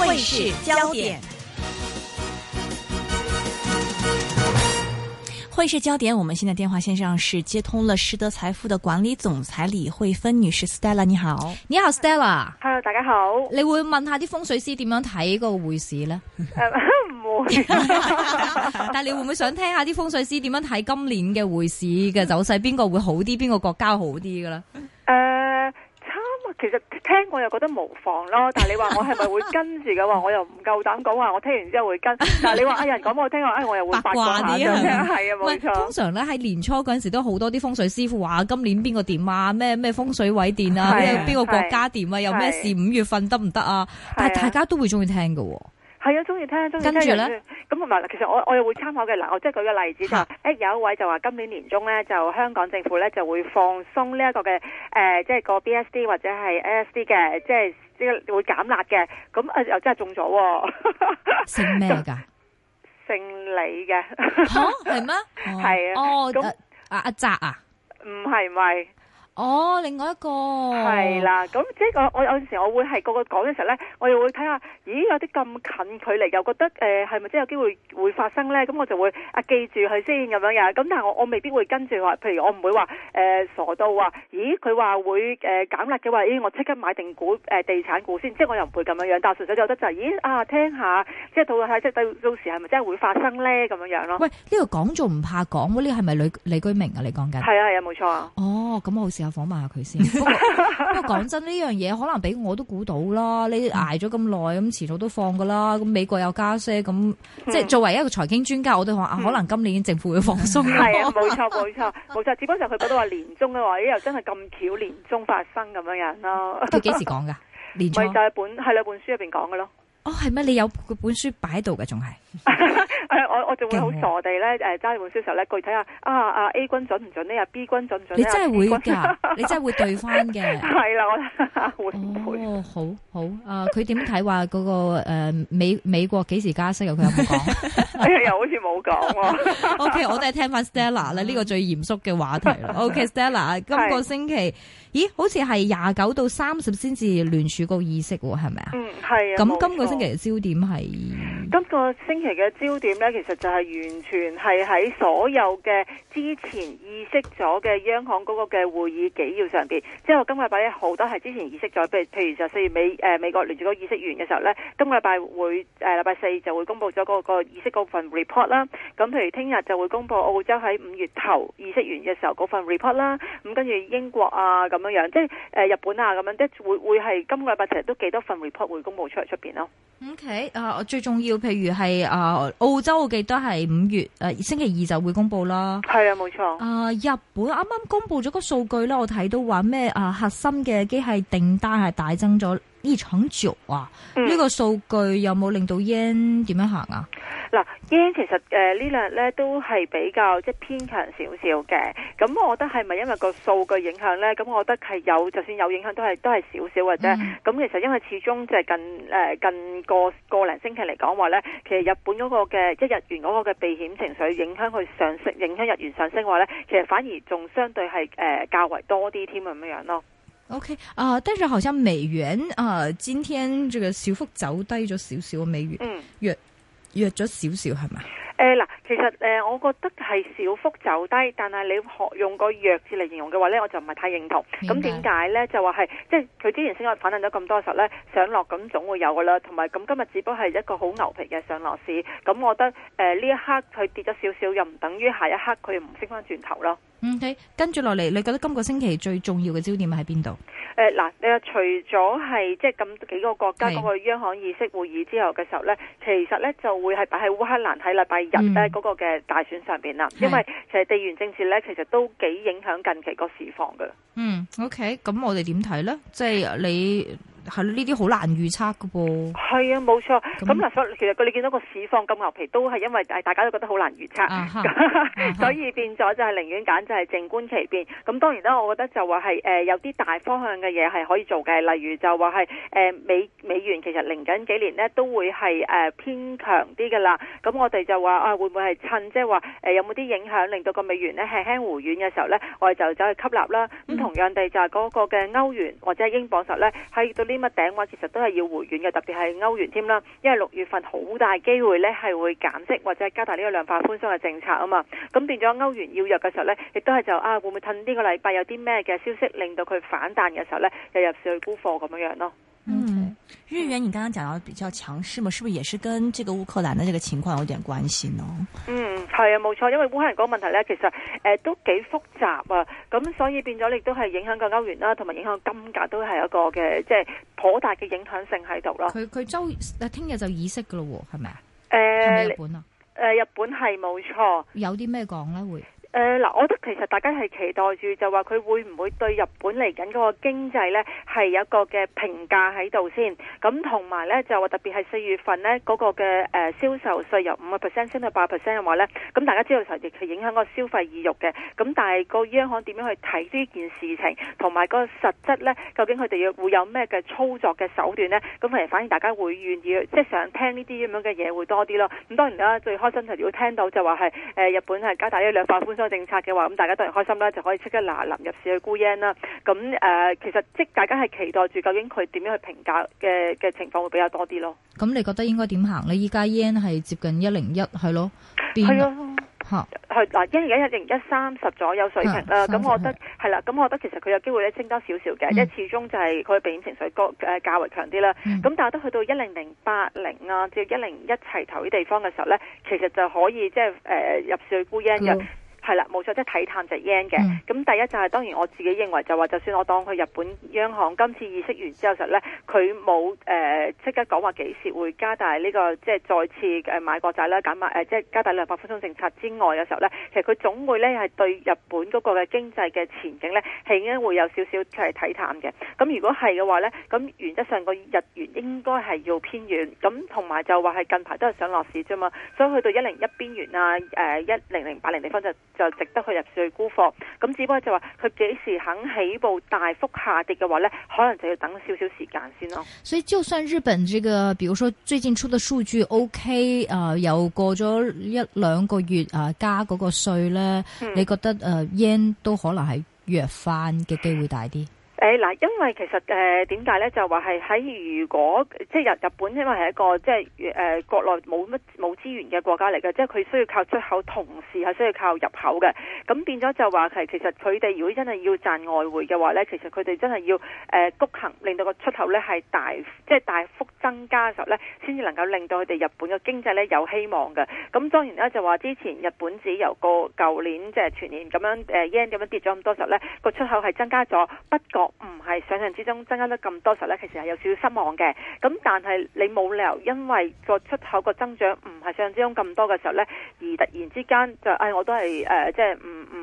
匯市焦點。匯市焦點，我們現在電話線上是接通了實德財富的管理總裁李慧芬女士，Stella，你好，你好，Stella，Hello，大家好。你會問一下啲風水師點樣睇個匯市呢？唔會。但你會唔會想聽下啲風水師點樣睇今年嘅匯市嘅走勢？邊 個會好啲？邊個國家好啲噶咧？其實聽我又覺得無妨咯，但係你話我係咪會跟住嘅話， 我又唔夠膽講話。我聽完之後會跟，但係你話 哎人講我聽話哎我又會發覺下。係啊係啊，冇錯。嗯、錯通常咧喺年初嗰陣時都好多啲風水師傅話今年邊個點啊，咩咩風水位電啊，邊個、啊、國家點啊，啊有咩事？五、啊、月份得唔得啊？啊但係大家都會中意聽嘅。係啊，中意聽，中意聽。跟咁同埋其實我我又會參考嘅。嗱，我即係舉個例子就，誒，有一位就話今年年中咧，就香港政府咧就會放鬆呢一個嘅，誒，即係個 B S D 或者係 A S D 嘅，即係即會減辣嘅。咁啊，又真係中咗。姓咩噶？姓李嘅。嚇？係咩？係啊。哦。咁阿阿澤啊？唔係唔係。哦，另外一個係啦，咁即係我我有陣時我會係個個講嘅時候咧，我又會睇下，咦有啲咁近距離又覺得誒係咪真係有機會會發生咧？咁我就會啊記住佢先咁樣樣。咁但係我我未必會跟住話，譬如我唔會話誒傻到話，咦佢話會誒減壓嘅話，咦我即刻買定股誒地產股先，即係我又唔會咁樣樣。但純粹就覺得就係咦啊聽下，即係到底係即係到時係咪真係會發生咧咁樣樣咯。喂，呢個講仲唔怕講喎？呢個係咪李李居明啊？你講緊，係啊係啊冇錯啊。哦，咁我好。有訪問下佢先。不過講真，呢 樣嘢可能俾我都估到啦。你挨咗咁耐，咁遲早都放噶啦。咁美國有加息，咁即係作為一個財經專家，我都話啊，可能今年政府會放鬆。係 啊，冇錯冇錯冇錯。只不過佢覺得話年中嘅話，又真係咁巧，年中發生咁樣樣 咯。佢幾時講噶？年中就係本係啦，本書入邊講嘅咯。哦，係咩？你有佢本書擺喺度嘅，仲係？我我仲會好傻地咧，誒，揸住時候咧，具體下，啊 A 軍準唔準呢？啊 B 軍準唔準，你真係會噶，你真係會對翻嘅。係啦，我互配。哦，好好啊，佢點睇話嗰個誒美美國幾時加息啊？佢又唔講，又好似冇講。OK，我哋聽翻 Stella 啦，呢個最嚴肅嘅話題。OK，Stella，今個星期，咦，好似係廿九到三十先至聯儲局議息係咪啊？嗯，係啊。咁今個星期嘅焦點係。今個星期嘅焦點呢，其實就係完全係喺所有嘅之前議息咗嘅央行嗰個嘅會議紀要上面。即係我今個禮拜好多係之前議息咗，譬如譬如就四月美、呃、美國聯儲局議息完嘅時候呢，今個禮拜會誒禮拜四就會公佈咗、嗰個、嗰個議息嗰份 report 啦。咁譬如聽日就會公佈澳洲喺五月頭議息完嘅時候嗰份 report 啦。咁跟住英國啊咁樣樣，即係誒日本啊咁樣，即係會會係今個禮拜其實都幾多份 report 會公佈出嚟出面咯。OK，啊、uh，最重要。譬如係啊、呃、澳洲，我記得係五月誒、呃、星期二就會公布啦。係啊，冇錯。啊、呃，日本啱啱公布咗個數據啦，我睇到話咩啊核心嘅機械訂單係大增咗，呢場續啊，呢、嗯、個數據有冇令到 yen 點樣行啊？嗱 y 其實誒、呃、呢兩日咧都係比較即係偏強少少嘅，咁我覺得係咪因為個數據影響咧？咁我覺得係有，就算有影響都係都係少少嘅啫。咁、嗯嗯、其實因為始終就係近誒、呃、近個個零星期嚟講話咧，其實日本嗰個嘅即日元嗰個嘅避險情緒影響佢上升，影響日元上升嘅話咧，其實反而仲相對係誒、呃、較為多啲添咁樣樣咯。OK，啊、呃，但係好像美元啊、呃，今天這個小幅走低咗少少美元，嗯，弱咗少少係咪？誒嗱，其實誒，我覺得係小幅走低，但係你學用個弱字嚟形容嘅話咧，我就唔係太認同。咁點解咧？就話係，即係佢之前升得反彈咗咁多嘅時候咧，上落咁總會有噶啦。同埋咁今日只不過係一個好牛皮嘅上落市。咁我覺得，誒呢一刻佢跌咗少少，又唔等於下一刻佢唔升翻轉頭咯。嗯，跟住落嚟，你覺得今個星期最重要嘅焦點喺邊度？誒、呃，嗱、呃，你話除咗係即係咁幾個國家嗰個央行議息會議之後嘅時候呢，是其實呢就會係擺喺烏克蘭喺禮拜日呢嗰個嘅大選上邊啦。嗯、因為其實地緣政治呢，其實都幾影響近期個市況㗎。嗯，OK，咁我哋點睇呢？即係你。係呢啲好難預測噶噃。係啊，冇錯。咁嗱那，所其實佢你見到個市況咁牛皮，都係因為大家都覺得好難預測。Uh huh, uh、huh, 所以變咗就係寧願揀，就係靜觀其變。咁當然啦，我覺得就話係誒有啲大方向嘅嘢係可以做嘅，例如就話係誒美美元其實嚟緊幾年咧都會係誒、呃、偏強啲噶啦。咁我哋就話啊，會唔會係趁即係話誒有冇啲影響令到個美元咧輕輕護軟嘅時候呢，我哋就走去吸納啦。咁、嗯、同樣地就係嗰、那個嘅、那個、歐元或者英鎊實咧喺到呢。咁啊，頂嘅其實都係要回軟嘅，特別係歐元添啦，因為六月份好大機會咧係會減息或者加大呢個量化寬鬆嘅政策啊嘛。咁變咗歐元要弱嘅時候咧，亦都係就啊，會唔會趁呢個禮拜有啲咩嘅消息令到佢反彈嘅時候咧，又入市去沽貨咁樣樣咯。嗯、mm。Hmm. 日元你剛剛講到的比較強勢嘛，是不是也是跟這個烏克蘭的這個情況有點關係呢？嗯，係啊，冇錯，因為烏克蘭嗰個問題呢，其實誒、呃、都幾複雜啊，咁所以變咗你都係影響個歐元啦，同埋影響金價都係一個嘅即係頗大嘅影響性喺度咯。佢佢周聽日就議息噶咯喎，係咪啊？誒、呃，係咪日本啊？誒、呃，日本係冇錯。有啲咩講呢？會？誒，嗱、呃，我覺得其實大家係期待住，就話佢會唔會對日本嚟緊嗰個經濟呢係有一個嘅評價喺度先，咁同埋呢，就話特別係四月份呢嗰、那個嘅誒銷售稅由五個 percent 升到八 percent 嘅話呢，咁大家知道實亦係影響個消費意欲嘅，咁但係個央行點樣去睇呢件事情，同埋個實質呢，究竟佢哋要會有咩嘅操作嘅手段呢？咁係反而大家會願意即係想聽呢啲咁樣嘅嘢會多啲咯。咁當然啦，最開心就如果聽到就話係誒日本係加大一個量個政策嘅話，咁大家當然開心啦，就可以即刻嗱嗱臨入市去沽 yen 啦。咁誒、呃，其實即大家係期待住，究竟佢點樣去評價嘅嘅情況會比較多啲咯。咁你覺得應該點行呢？依家 yen 係接近一零一係咯，邊啊？嚇係嗱，依家一零一三十左右水平啦。咁、啊、我覺得係啦。咁、啊、我覺得其實佢有機會咧升多少少嘅，嗯、因為始終就係佢嘅避險情緒高誒較、啊、為強啲啦。咁、嗯、但係都去到一零零八零啊，至係一零一齊頭啲地方嘅時候呢，其實就可以即係誒、呃、入市去沽 yen 嘅。係啦，冇錯，即係睇淡就係 yen 嘅。咁、嗯、第一就係、是、當然我自己認為就話，就算我當佢日本央行今次意識完之後實呢，佢冇誒即刻講話幾時會加大呢、這個即係再次買買國債啦、減碼即係加大兩百分鐘政策之外嘅時候呢，其實佢總會呢係對日本嗰個嘅經濟嘅前景呢，係應該會有少少係睇淡嘅。咁如果係嘅話呢，咁原則上個日元應該係要偏軟，咁同埋就話係近排都係上落市啫嘛，所以去到一零一邊緣啊，誒一零零八零地方就。就值得去入最沽貨，咁只不過就話佢幾時肯起步大幅下跌嘅話咧，可能就要等少少時間先咯。所以就算日本呢、這個，比如說最近出嘅數據 OK，啊、呃、又過咗一兩個月啊、呃、加嗰個稅咧，嗯、你覺得誒、呃、yen 都可能係弱翻嘅機會大啲？誒嗱、哎，因為其實誒點解咧？就話係喺如果即係日日本，因為係一個即係誒國內冇乜冇資源嘅國家嚟嘅，即係佢需要靠出口，同時係需要靠入口嘅。咁變咗就話係其實佢哋如果真係要賺外匯嘅話咧，其實佢哋真係要誒谷、呃、行，令到個出口咧係大即係、就是、大幅增加嘅時候咧，先至能夠令到佢哋日本嘅經濟咧有希望嘅。咁當然啦，就話之前日本只由個舊年即係、就是、全年咁樣誒 yen 咁樣跌咗咁多時候咧，個出口係增加咗不過，唔係想像之中增加得咁多時候呢，其實係有少少失望嘅。咁但係你冇理由因為個出口個增長唔係想像之中咁多嘅時候呢，而突然之間就唉、哎，我都係誒，即係唔唔。就是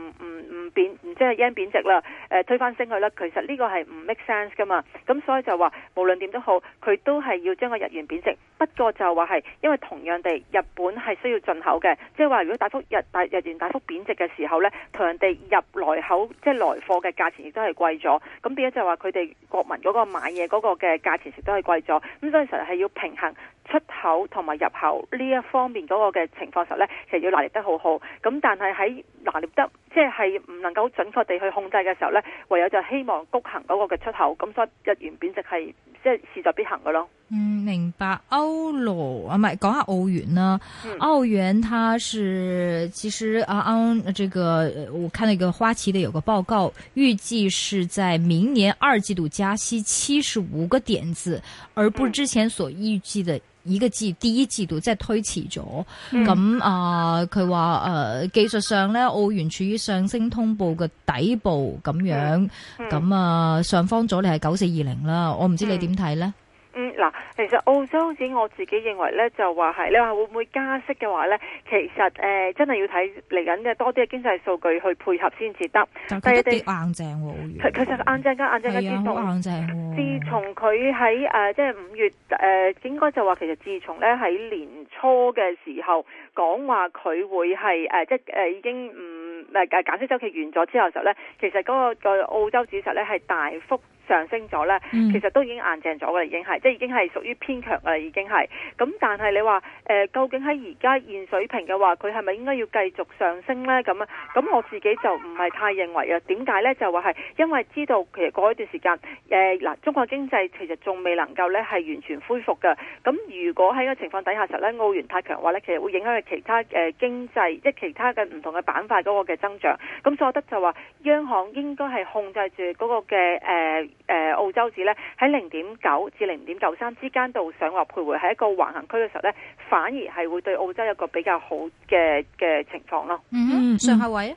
唔即係 yen 貶值啦，誒推翻升佢啦，其實呢個係唔 make sense 噶嘛，咁所以就話無論點都好，佢都係要將個日元貶值。不過就話係因為同樣地，日本係需要進口嘅，即係話如果大幅日大日元大幅貶值嘅時候呢，同人哋入來口即係、就是、來貨嘅價錢亦都係貴咗。咁變咗就話佢哋國民嗰個買嘢嗰個嘅價錢亦都係貴咗。咁所以其實係要平衡出口同埋入口呢一方面嗰個嘅情況時候呢，其實要拿捏得好好。咁但係喺拿捏得即係唔能夠準確地去控制嘅時候咧，唯有就希望谷行嗰個嘅出口咁，所以日元貶值係即係勢在必行嘅咯。嗯，明白。歐羅啊，唔係講下澳元，嗯、澳元呢澳元，它是其實啊，啱這個我看到一個花旗的有個報告，預計是在明年二季度加息七十五個點子，而不是之前所預計的。以個嘅第一制度即係推遲咗，咁啊佢話誒技術上咧澳元處於上升通道嘅底部咁樣，咁啊、嗯呃、上方阻力係九四二零啦，我唔知道你點睇咧？嗯嗯嗱，其實澳洲紙我自己認為咧，就話係你話會唔會加息嘅話咧，其實、呃、真係要睇嚟緊嘅多啲嘅經濟數據去配合先至得，但係一啲硬淨，其實硬正嘅你硬淨嘅，好的硬淨。自從佢喺、呃、即係五月誒、呃，應該就話其實自從咧喺年初嘅時候講話佢會係、呃、即係、呃、已經唔。咪誒減息週期完咗之後實咧，其實嗰個在澳洲指數咧係大幅上升咗咧，mm. 其實都已經硬淨咗嘅，已經係即係已經係屬於偏強啊，已經係。咁但係你話誒、呃，究竟喺而家現水平嘅話，佢係咪應該要繼續上升咧？咁啊，咁我自己就唔係太認為啊。點解咧？就話係因為知道其實嗰一段時間誒嗱、呃，中國經濟其實仲未能夠咧係完全恢復嘅。咁如果喺個情況底下實咧，澳元太強嘅話咧，其實會影響其他誒經濟，即係其他嘅唔同嘅板塊嗰、嗰個嘅。增長，咁所以我覺得就話，央行應該係控制住嗰個嘅誒誒澳洲紙呢，喺零點九至零點九三之間度上落徘徊，喺一個橫行區嘅時候呢，反而係會對澳洲有個比較好嘅嘅情況咯。嗯，上下位。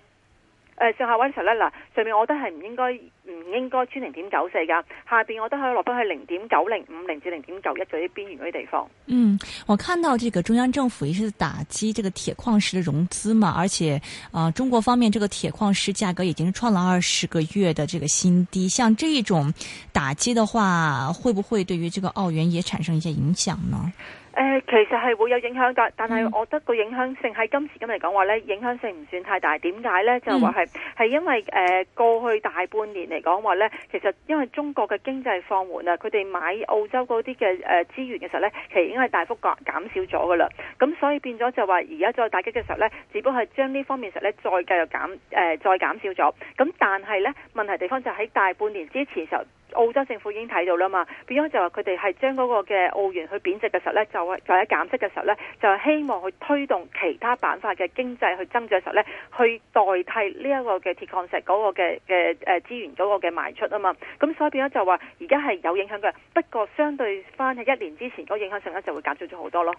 誒上下位嘅時候咧，嗱上面我都係唔應該唔應該穿零點九四㗎，下邊我都可以落翻去零點九零五零至零點九一嗰啲邊緣嗰啲地方。嗯，我看到這個中央政府也是打擊這個鐵礦石的融資嘛，而且啊、呃、中國方面這個鐵礦石價格已經創了二十個月的這個新低，像這種打擊的話，會不會對於這個澳元也產生一些影響呢？誒，其實係會有影響㗎，但係我覺得個影響性喺今時今日講話咧，影響性唔算太大。點解咧？就話係係因為誒、呃、過去大半年嚟講話咧，其實因為中國嘅經濟放緩啊，佢哋買澳洲嗰啲嘅誒資源嘅時候咧，其實已經係大幅減少咗㗎啦。咁所以變咗就話，而家再打擊嘅時候咧，只不過係將呢方面實咧再繼續減誒、呃，再減少咗。咁但係咧，問題的地方就喺大半年之前時候。澳洲政府已經睇到啦嘛，變咗就話佢哋係將嗰個嘅澳元去貶值嘅時候咧，就係就喺減息嘅時候咧，就係希望去推動其他板塊嘅經濟去增長嘅時候咧，去代替呢一個嘅鐵礦石嗰個嘅嘅誒資源嗰個嘅賣出啊嘛，咁所以變咗就話而家係有影響嘅，不過相對返喺一年之前嗰個影響性咧就會減少咗好多咯。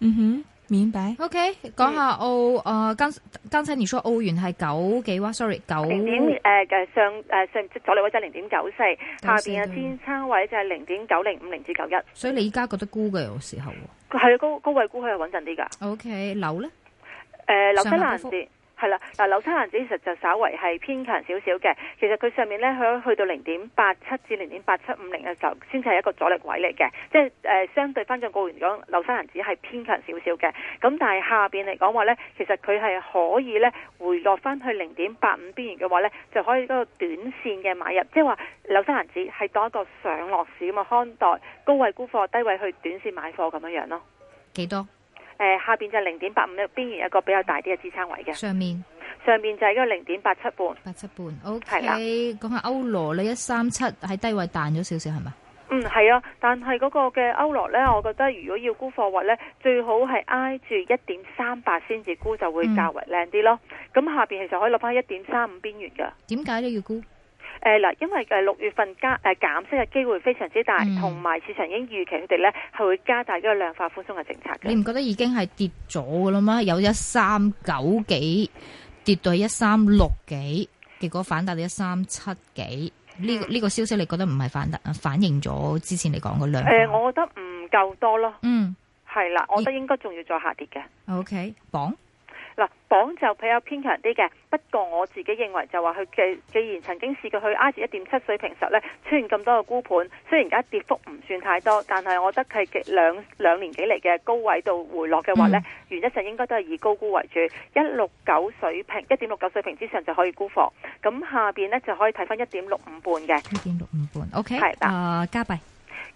嗯哼。明白。OK，講下澳誒、呃，剛剛才你說澳元係九幾哇？Sorry，九零點誒、呃、上誒上阻力位就零點九四，下邊嘅支撐位就係零點九零五零至九一。所以你依家覺得沽嘅有時候，係啊高高位沽係穩陣啲噶。OK，樓咧誒，樓升定跌？係啦，嗱，紐西蘭指其實就稍為係偏強少少嘅。其實佢上面咧，佢去到零點八七至零點八七五零嘅時候，先至係一個阻力位嚟嘅。即係誒、呃，相對翻轉講，紐西蘭指係偏強少少嘅。咁但係下邊嚟講話咧，其實佢係可以咧回落翻去零點八五邊緣嘅話咧，就可以嗰個短線嘅買入。即係話紐西蘭指係當一個上落市咁看待，高位沽貨，低位去短線買貨咁樣樣咯。幾多？誒、呃，下邊就係零點八五咧，邊緣一個比較大啲嘅支撐位嘅。上面，上面就係一個零點八七半。八七半，OK。講下歐羅，你一三七喺低位彈咗少少係嘛？嗯，係啊，但係嗰個嘅歐羅咧，我覺得如果要沽貨位咧，最好係挨住一點三八先至沽，就會較為靚啲咯。咁下邊其實可以落翻一點三五邊緣噶。點解咧要沽？誒，嗱，因為誒六月份加誒減息嘅機會非常之大，同埋、嗯、市場已經預期佢哋咧係會加大一個量化寬鬆嘅政策。你唔覺得已經係跌咗噶啦咩？有一三九幾跌到一三六幾，結果反彈到一三七幾。呢呢、嗯、個消息你覺得唔係反彈反映咗之前你講嘅量？誒、呃，我覺得唔夠多咯。嗯，係啦，我覺得應該仲要再下跌嘅。O K，榜，嗱，磅就比較偏強啲嘅。一個我自己認為就話佢既既然曾經試過去壓至一點七水平實呢，出現咁多嘅沽盤，雖然而家跌幅唔算太多，但係我覺得係兩兩年幾嚟嘅高位度回落嘅話呢，嗯、原則上應該都係以高估為主，一六九水平一點六九水平之上就可以沽貨。咁下邊呢就可以睇翻一點六五半嘅，一點六五半，OK，係的、呃、加幣。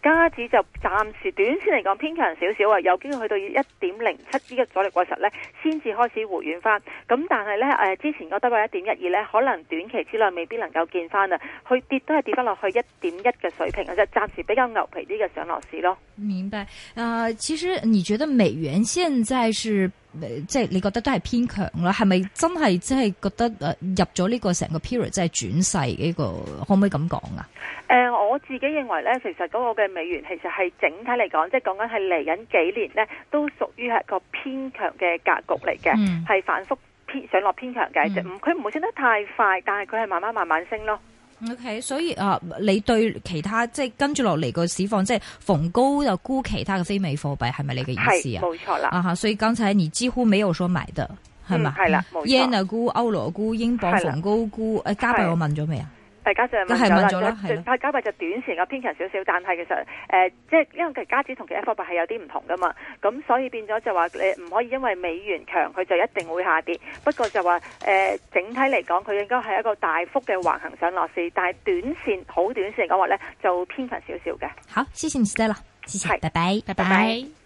加指就暫時短線嚟講偏強少少啊，有機會去到一點零七呢個阻力位實咧，先至開始回軟翻。咁但係咧誒，之前個低位一點一二咧，可能短期之內未必能夠見翻啊。佢跌都係跌翻落去一點一嘅水平，啊，就暫時比較牛皮啲嘅上落市咯。明白啊、呃，其實你覺得美元現在是？誒，即係你覺得都係偏強啦，係咪真係即係覺得誒入咗呢個成個 period 即係轉勢嘅、這、一個，可唔可以咁講啊？誒、呃，我自己認為咧，其實嗰個嘅美元其實係整體嚟講，即係講緊係嚟緊幾年咧，都屬於係個偏強嘅格局嚟嘅，係、嗯、反復偏上落偏強嘅，即唔佢唔會升得太快，但係佢係慢慢慢慢升咯。OK，所以啊，你對其他即係跟住落嚟個市況，即係逢高就沽其他嘅非美貨幣，係咪你嘅意思啊？冇錯啦。啊吓，所以剛才你幾乎沒有說買的係嘛？係啦、嗯，冇錯。yen 啊沽，歐羅沽，英鎊逢高沽，誒、啊，加幣我問咗未啊？加上咁就啦，佢加幣就短線嘅偏強少少，但係其實誒，即、呃、係、就是、因為其實加幣同其 F 幣係有啲唔同噶嘛，咁所以變咗就話你唔可以因為美元強佢就一定會下跌，不過就話誒、呃，整體嚟講佢應該係一個大幅嘅橫行上落市，但係短線好短線嘅講話咧就偏強少少嘅。好，謝謝你時間啦，謝謝，拜是拜拜。拜拜拜拜。